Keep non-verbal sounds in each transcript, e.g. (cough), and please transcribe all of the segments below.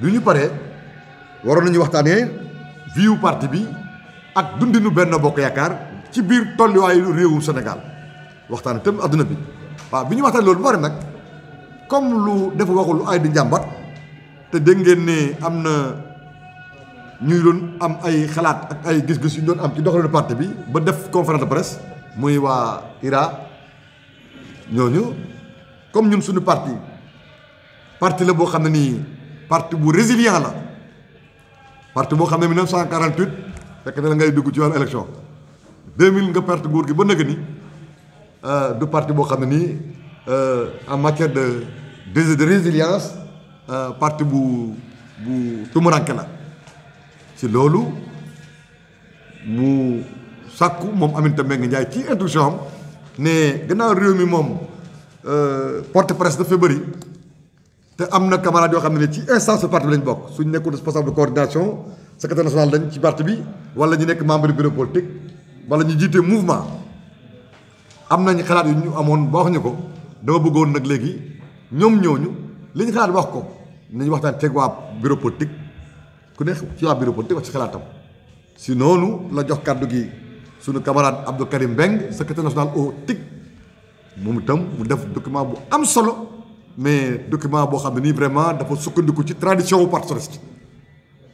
lu ñu pare waroon nañu waxtaanee viu parti bi ak dundinu benn bokk yaakaar ci biir tolluwaayu réewum Sénégal waxtaan itam àdduna bi waaw bi ñu waxtaanee loolu bu pare nag comme lu dafa waxul lu ay di njàmbat te dégg ngeen ne am na ñuy doon am ay xalaat ak ay gis-gis yu ñu doon am ci doxalinu parti bi ba def conférence de presse muy waa IRA ñooñu comme ñun suñu parti parti la boo xam ne nii. parti bu résilient la parti boo xam ne 1948 fekk na la ngay dugg ci wàllu élection 2000 nga parti nguur gi ba nëgg ni euh, du parti boo xam ne nii euh, en matière de de de résilience euh, parti bu bu tumuranke la ci loolu mu sàkku moom Aminata Mbengue Ndiaye ci instruction am ne gannaaw réew mi moom porte presse dafa bëri. te am na camarade yoo xam ne ci instance parti bi lañ bokk suñ nekkul responsable de coordination secrétaire national lañ ci parti bi wala ñu nekk membre bureau politique wala ñu jiite mouvement am nañ xalaat yu ñu amoon ba wax ñu ko dama bëggoon nag léegi ñoom ñooñu li ñu xalaat wax ko nañu waxtaan teg waa bureau politique ku nekk ci waa bureau politique wax ci xalaatam si noonu la jox kàddu gi suñu camarade Abdou Karim Mbeng secrétaire national au TIC moom itam mu def document bu am solo mais document boo xam ne nii vraiment dafa sukkandiku ci tradition wu parti socialiste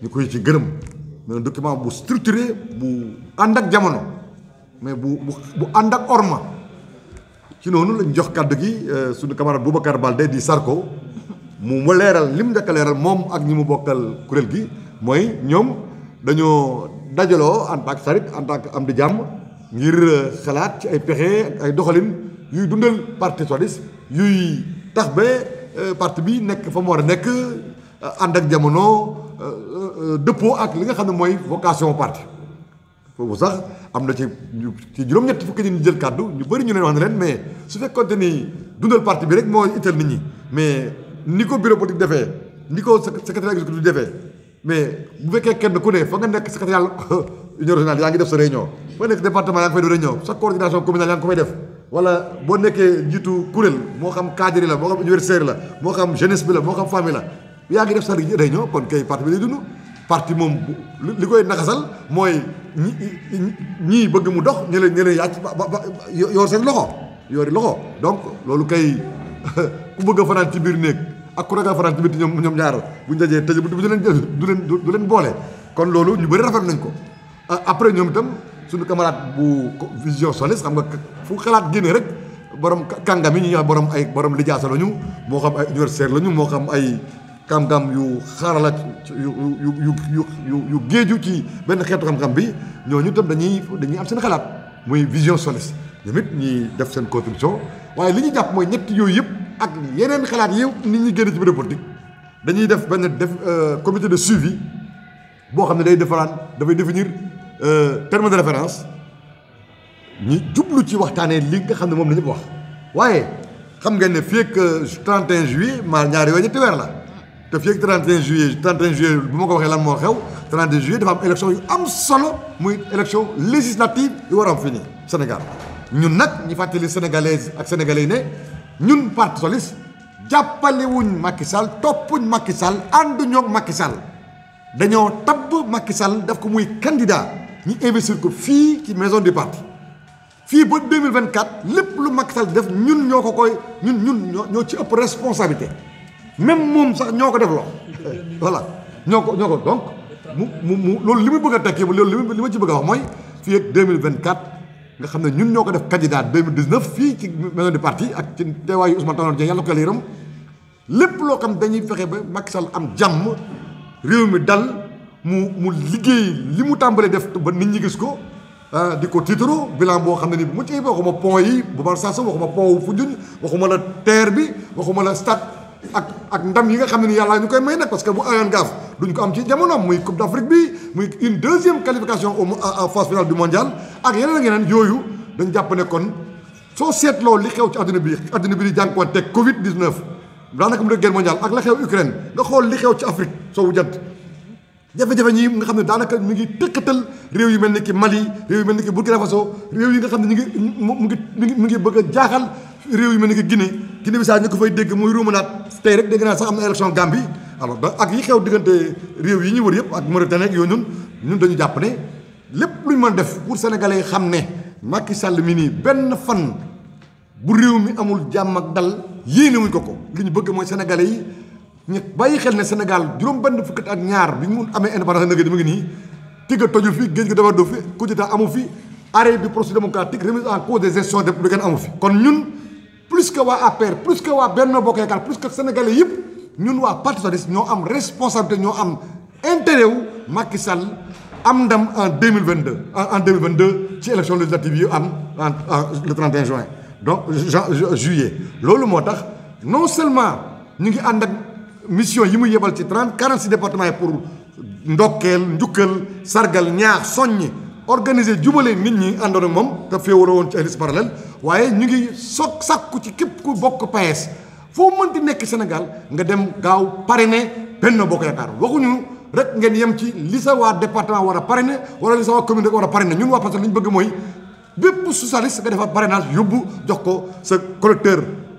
ñu koy ci gërëm mais document bu structuré bu ànd ak jamono mais bu bu bu ànd ak orma ci noonu lañ jox kàdd gi euh, suñu camarade Boubacar Baldé di Sarko mu ma leeral li mu njëkk leeral moom ak ñi mu bokkal kuréel gi mooy ñoom dañoo dajaloo en tant que sarit en am di jàmm ngir euh, xalaat ci ay pexe ay doxalin yuy dundal parti socialiste yuy. tax ba euh, parti bi nekk fa mu war a nekk euh, ànd ak jamono euh, dëppoo ak li nga xam ne mooy vocation parti foofu sax am na ci ci juróom-ñett fukki nit ñu jël kàddu ñu bëri ñu leen wax ne leen mais su fekkoonte ni dundal parti bi rek moo itteel nit ñi mais ni ko bureau politique defee ni ko secrétaire exécutif defee mais bu fekkee kenn ku ne fa nga nekk secrétaire (laughs) union régionale yaa ngi def sa réunion fa nekk département yaa ngi fay def réunion sa coordination communale yaa ngi ko fay def wala boo nekkee jiitu kuréel moo xam cadre la moo xam universitaire la moo xam jeunesse bi la moo xam famille la yaa ngi def sa réunion kon kay parti bi lay parti moom li koy naxasal mooy ñi ñii bëgg mu dox ñu leen ñu leen yàcc ba ba seen loxo yoori loxo donc loolu kay (laughs) ku bëgg a fanaan ci biir néeg ak ku ragal fanaan ci biir ñoom ñoom ñaar bu ñu dajee tëj bu du leen du leen du leen boole kon loolu ñu bëri rafet nañ ko après ñoom itam suñu camarade bu vision soniste xam nga fu xalaat génne rek borom kàngam yi ñu ñuy borom ay borom lijaasa lañu moo xam ay universitaire lañu moo xam ay xam yu xaarala yu yu yu yu yu géeju ci benn xeetu xam-xam bi ñooñu tam dañuy dañuy am seen xalaat muy vision soniste ñoom it ñuy def seen contribution waaye li ñu jàpp mooy ñett yooyu yëpp ak yeneen xalaat yëpp nit ñi génn ci biir politique dañuy def benn def euh, comité de suivi boo xam ne day defaraan dafay définir. Euh, terme de référence Nous jublu ci waxtaanee li nga la ligue la wax vous xam 31 euh, juillet Ma suis yooyu ñetti la te Le 31 juillet le 31 juillet bu ma ce lan Le 31 juillet dafa am élection yu am solo muy élection législative yu war au am Sénégal ñun nag les sénégalaises ak sénégalais ne ñun parti jappalé wuñ Macky Sall Macky Sall ñok Macky Sall dañoo tab Macky Sall daf ko muy candidat ni investir ko fi maison de parti filles 2024 les lu Macky Sall def ñun koy responsabilité même moom sax ñoo (laughs) voilà donc mu loolu bëgg 2024 nga ñun de candidat 2019 maison du parti Ousmane Tanor plus ko les mu mu liggéey li mu tàmbali def ba nit ñi gis ko ah, di ko tiitaru bilan boo xam ne ni bu mucc ayib waxuma pont yi bu ma sasa waxuma pont wu Foundiougne waxuma la terre bi waxuma la stade ak ak ndam yi nga xam ne ni yàlla ñu koy may nag parce que bu ayoon gaaf duñ ko am ci jamonoom muy coupe d'Afrique bi muy une deuxième qualification au phase finale du ak yeneen ak yeneen yooyu dañ jàpp ne kon soo seetloo li xew ci addina bi addina bi di jànkuwante Covid 19 daanaka mu def guerre mondiale ak la xew Ukraine nga xool li xew ci Afrique soowu jant jafe-jafe ñi nga xam ne daanaka mu ngi tëkkatal réew yu mel ni ki Mali réew yu mel ni ki Burkina Faso réew yi nga xam ne ñu ngi mu ngi mu ngi bëgg a jaaxal réew yu mel ni ki Guinée bi saa ñu ko fay dégg muy ruumanaat tey rek dégg naa sax am na élection Gambie alors da ak yi xew diggante réew yi ñu wër yëpp ak Mauritanie ak yooyu ñun ñun dañu jàpp ne lépp lu ñu mën def pour yi xam ne Macky Sall mi nii benn fan bu réew mi amul jàmm ak dal yéene wuñ ko ko li ñu bëgg mooy sénégalais yi ñu bàyyi xel ne Senegal, juróom benn fukki at bimun, ñaar bi mu amee indépendance nag mu ngi nii tigga toju fi géej dafa do fi coup d'état amu fi arrêt du processus démocratique remise en cause des gestions républicaines amu fi kon ñun plus que waa APR plus que waa Benno Bokk plus que sénégalais yëpp ñun wa parti socialiste ñoo am responsabilité ñoo am intérêt wu Macky am ndam en 2022 en 2022 ci élection législative yi am le 31 juin donc juillet loolu moo non seulement ñu ngi mission yi mu yebal ci 30 46 départements yi pour ndokkeel njukkal sargal ñaax soññ organiser jubale nit ñi àndoon ak moom te féewaloo woon ci ay liste waaye ñu ngi soog sàkku ci képp ku bokk PAES foo mënti nekk Sénégal nga dem gaaw pare parrainer Benno Bokk Yaakaar waxuñu rek ngeen yem ci li sa waa département wara pare parrainer wala li sa waa commune rek war a parrainer ñun waa Pastef li ñu bëgg mooy bépp socialiste nga defaat parrainage yóbbu jox ko sa collecteur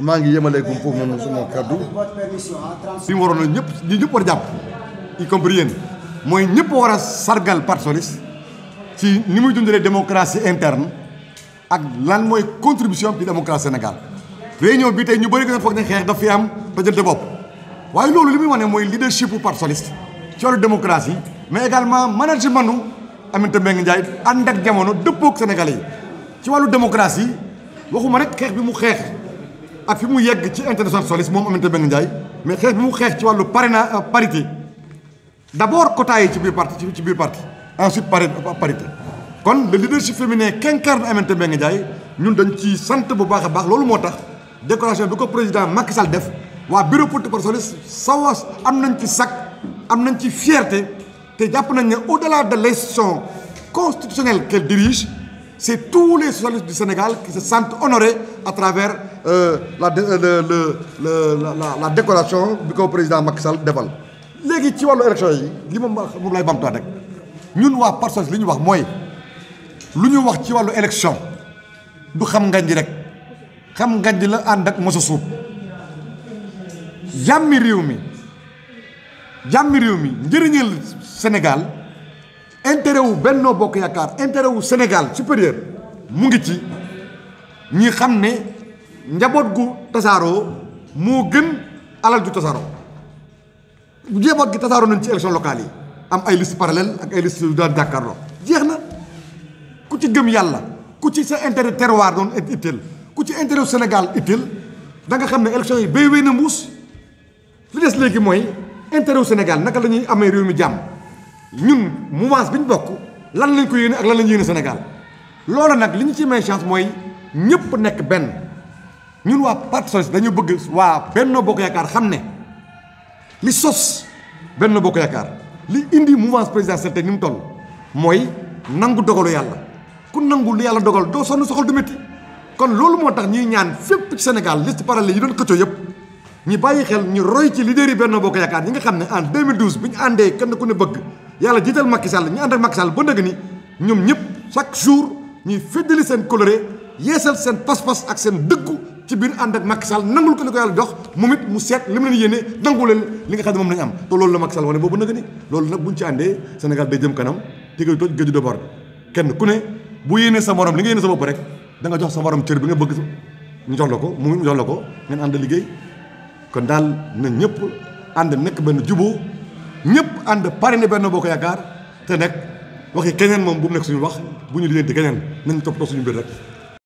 maa ngi yemaleegum foofu noonu sama kaddu bi mu waroon na ñëpp ñu ñëpp war jàpp y compris yéen mooy ñëpp war a sargal parti socialiste ci ni muy dundalee démocratie interne ak lan mooy contribution bi démocratie Sénégal réunion bi tey ñu bëri gën a foog ne xeex fi am dajante bopp waaye loolu li muy wane mooy leadership bu parti socialiste ci wàllu démocratie mais également management nu Aminata Mbengue Ndiaye ànd ak jamono dëppoog Sénégalais ci wàllu démocratie waxuma rek xeex bi mu xeex ak fi mu yegg ci internationalisme moom Aminata Mbengue Ndiaye mais xeex bi mu xeex ci wàllu euh, parité D'abord abord quota yi ci biir parti ci biir parti ensuite euh, parité kon le leadership féminin qu'incarne Aminata Mbengue Ndiaye ñun dañ ci sant bu baax a baax loolu moo tax décoration du ko président Macky Sall def waa bureau politique par solis sawa am ci sac am ci fierté te jàpp nañ au delà de l'institution constitutionnelle qu'elle dirige c'est tous les socialistes du Sénégal qui se sentent honorés à travers euh, euh, la décoration du président Macky Sall Ce qui ci l'élection, élection yi ce ma je lay dire, rek ñun waa Parsons que ñu wax Nous Nous wax ci élection du xam ngañ di Sénégal intérêt Benno intérêt Sénégal supérieur ñi xam ne njaboot gu tasaaroo moo gën alal ju tasaaroo bu njaboot gi tasaaroo nañ ci élection locale yi am ay liste parallèle ak ay liste yu daan jàkkaarloo jeex na ku ci gëm yàlla ku ci sa intérêt terroir doon itteel ku ci intérêt Sénégal itteel danga xam ne élection yi béy wéy na mbuus li des léegi mooy intérêt wu Sénégal naka lañuy amee réew mi jàmm ñun mouvance bi ñu bokk lan lañ ko yéene ak lan lañ yéene Sénégal loola nag li ñu ci may chance mooy ñepp nek ben ñun wa parti sos dañu bëgg ben no bokk yakar xamne ne li sos no bokk yakar li indi mouvement présidentiel té ñum toll moy nangu dogalu yalla ku nangu lu yalla dogal do sonu soxal du metti kon loolu motax ñi ñaan fépp ci Sénégal liste parallèle yi doon xëccoo yëpp ñi bayyi xel ñu roy ci leader yi benn bokk yakar ñi nga xamne ne en 2012 bi andé kenn ku ne bëgg yalla jiital Macky Sall ñu and ak Macky Sall ba ndëgg ni chaque jour ñi sen coloré yeesal seen pas-pas ak seen dëggu ci biir ànd ak Macky Sall nangul ko li ko yàlla dox moom it mu seet li mu leen yéene nangu leen li nga xam ne moom lañu am te loolu la Macky Sall wane boobu nag ni loolu nag buñ ci àndee Sénégal day jëm kanam tégay toj gëju dobar kenn ku ne bu yéene sa morom li nga yéene sa bopp rek da nga jox sa morom cër bi nga bëgg ñu jox la ko mu ñu jox la ko ngeen ànd liggéey kon daal na ñëpp ànd nekk benn juboo ñëpp ànd pare ne benn boo ko yaakaar te nag waxi keneen moom bu mu nekk suñu wax bu ñu di keneen nañ toppatoo suñu mbir rek